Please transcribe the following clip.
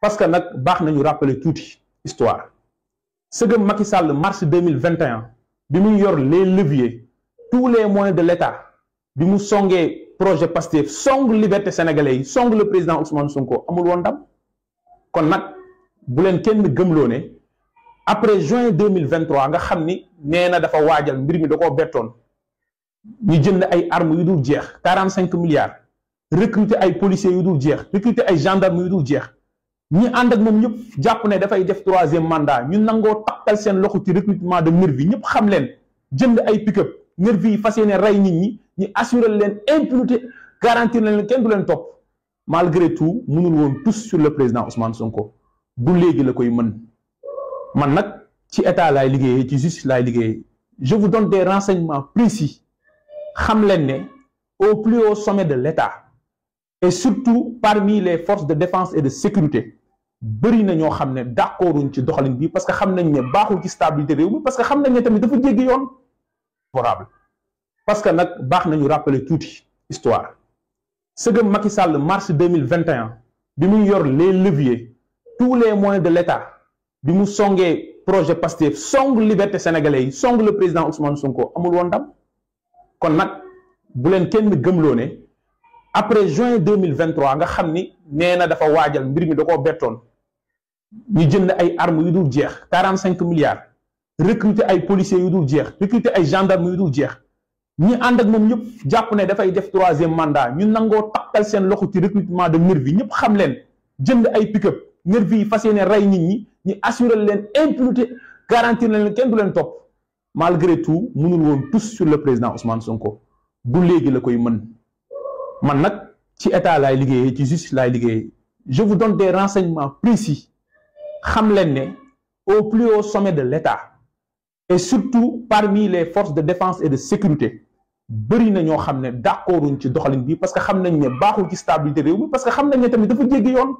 parce que nous nous nañu rappeler l'histoire. histoire que Macky Sall mars 2021 bi les leviers tous les moyens de l'État bi projet Pastef la liberté sénégalaise, le président Ousmane Sonko après juin 2023 nga dafa que 45 milliards recruter ay policiers yu dul recruter ay gendarmes yu dul jeex ñi ànd ak moom ñëpp jàpp ne dafay def troisième mandat ñu n'ango takkal seen loxo ci recrutement de nervi ñëpp xam leen jënd ay pick-up nervi yi fas yéene rey nit ñi assurer leen impunité garantir leen kenn du leen malgré tout mënul woon tous sur le président Ousmane Sonko du léegi la koy mën man nag ci état laay liggéeyee ci justice je vous donne des renseignements précis xam leen au plus haut sommet de l'État et surtout parmi les forces de défense et de sécurité bari na ñoo xam ne d'accorduñ ci doxalin bi parce que xam nañ ne baaxul ci stabilité réew parce que xam nañ ne tamit dafa jéggi yoon favorable parce que nak baax nañu rappeler tuuti histoire sëgëm Macky Sall mars 2021 bi mu yor les leviers tous les moyens de l'État bi mu le projet Pastef song liberté sénégalais yi song le président Ousmane Sonko amul woon ndam kon nak bu len kenn né après juin 2023, nga xamni dafa waajal mbir mi da ñu jënd ay armes yu dul jeex milliards recruter ay policiers yu dul jeex recruter ay gendarmes yu dul jeex ñi and ak mom ñëpp japp ne dafay def troisième mandat ñu nango sen loxu ci recrutement de nervi ñëpp xam leen jënd pick-up nervi nit ñi ñi assurer leen impunité garantir du malgré tout mënul tous sur le président Ousmane Sonko du légui la man nak ci état lay liguey ci justice lay liguey je vous donne des renseignements précis xam len né au plus haut sommet de l'état et surtout parmi les forces de défense et de sécurité bëri na ñoo xam ne ci doxalin bi parce que xam nañ ne baaxul ci stabilité réew mi parce que xam nañ ne tamit dafa yone